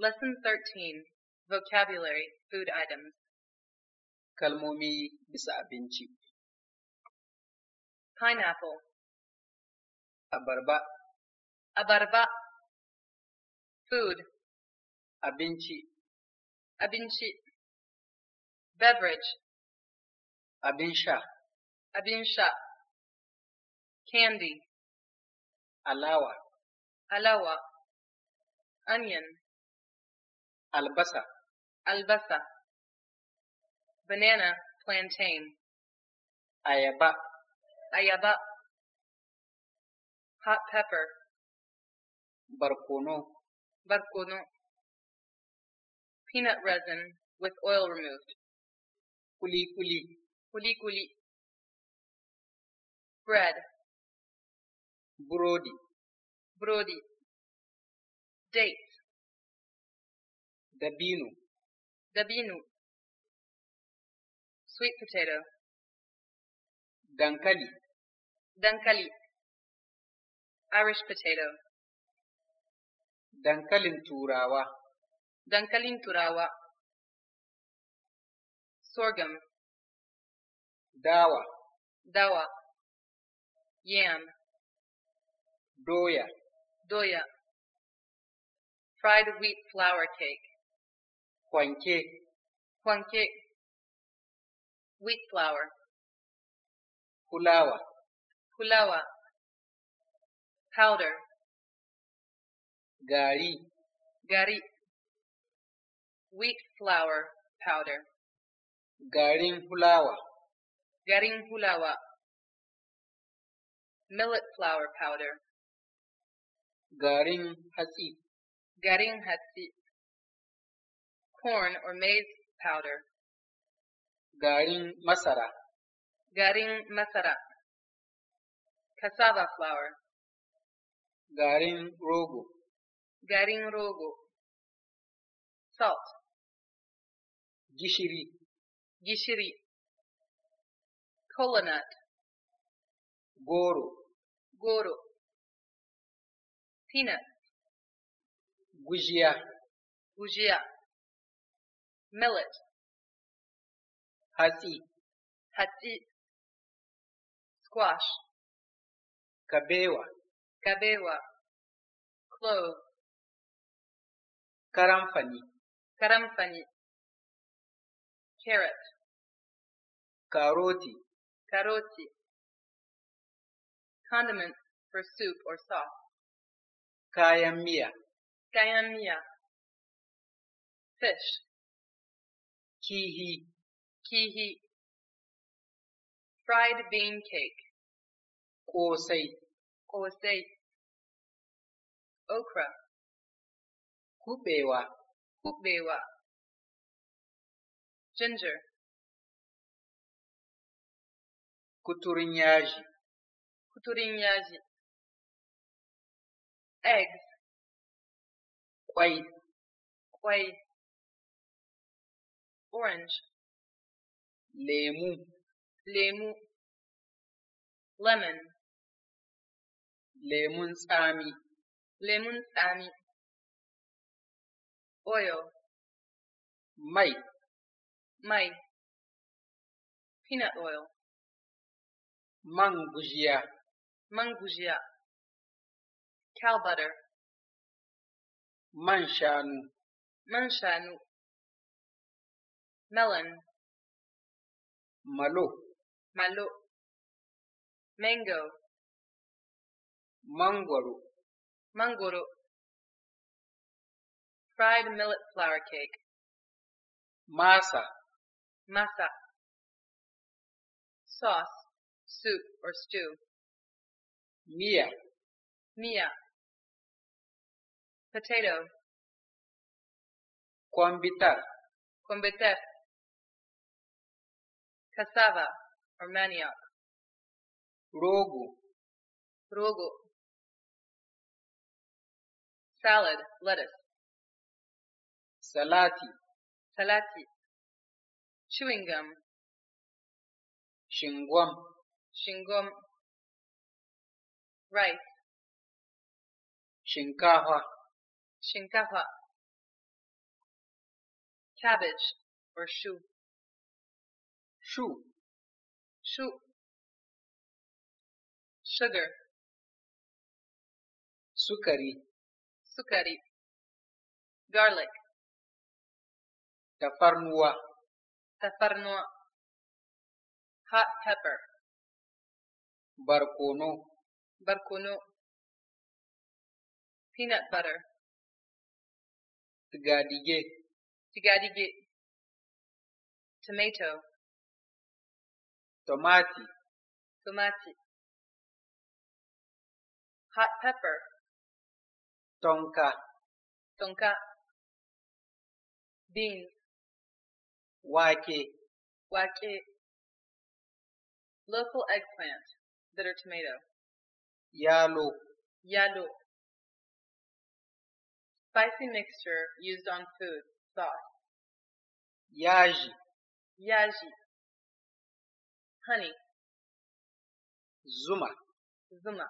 Lesson 13 Vocabulary Food Items Kalmomi bisa abinci Pineapple Abarba Abarba Food Abinci Abinci Beverage Abin Abinsha. Abin Candy Alawa Alawa Onion Albasa. Albasa. Banana, plantain. Ayaba. Ayaba. Hot pepper. Barcono. Barcono. Peanut resin with oil removed. Kuli kuli. Kuli kuli. Bread. Brody. Brody. Dates. Dabino. Dabino. Sweet potato. Dankali. Dankali. Irish potato. Dankalin turawa. Dankalin turawa. Sorghum. Dawa. Dawa. Yam. Doya. Doya. Fried wheat flour cake. Huanche. Huanche. Wheat flour. Hulawa. Hulawa. Powder. Gari. Gari. Wheat flour powder. Garin hulawa. Garin hulawa. Millet flour powder. Garin hasi. Garin hasi corn or maize powder. Garin masara. Garin masara. Cassava flour. Garin rogo. Garin rogo. Salt. Gishiri. Gishiri. Kola nut. Goro. Goro. Peanut. Gujia. Gujia millet hachi, hatsi squash kabewa kabewa clove karamfani karamfani carrot karoti karoti condiments for soup or sauce kayan miya fish Hee hee. hee. Fried bean cake. Kosei. Kosei. Okra. Kubewa. Kubewa. Ginger. Kuturinyaji. Kuturinyaji. Eggs. Quaid. Quaid orange lemu lemu lemon Lemon tsami Lemon tsami oil mai mai peanut oil man gujiya cow butter man shanu man melon, malo, malo, mango, mangoro, mangoro, fried millet flour cake, masa, masa, sauce, soup or stew, mia, mia, potato, convitar, convitar, cassava or manioc. Rogo. Rogo. Salad, lettuce. Salati. Salati. Chewing gum. Shingwam. Shingwam. Rice. Shinkawa. Shinkawa. Cabbage or shoe. Shu. Shu. Sugar. Sukari. Sukari. Garlic. Tafarnua. Tafarnua. Hot pepper. Barcono. Barcono. Peanut butter. Tigadige. Tigadige. Tomato. Tomati. Tomati. Hot pepper. Tonka. Tonka. Beans. Wake. Wake. Local eggplant. Bitter tomato. Yalu. Yalu. Spicy mixture used on food, sauce. Yaji. Yaji honey, zuma, zuma.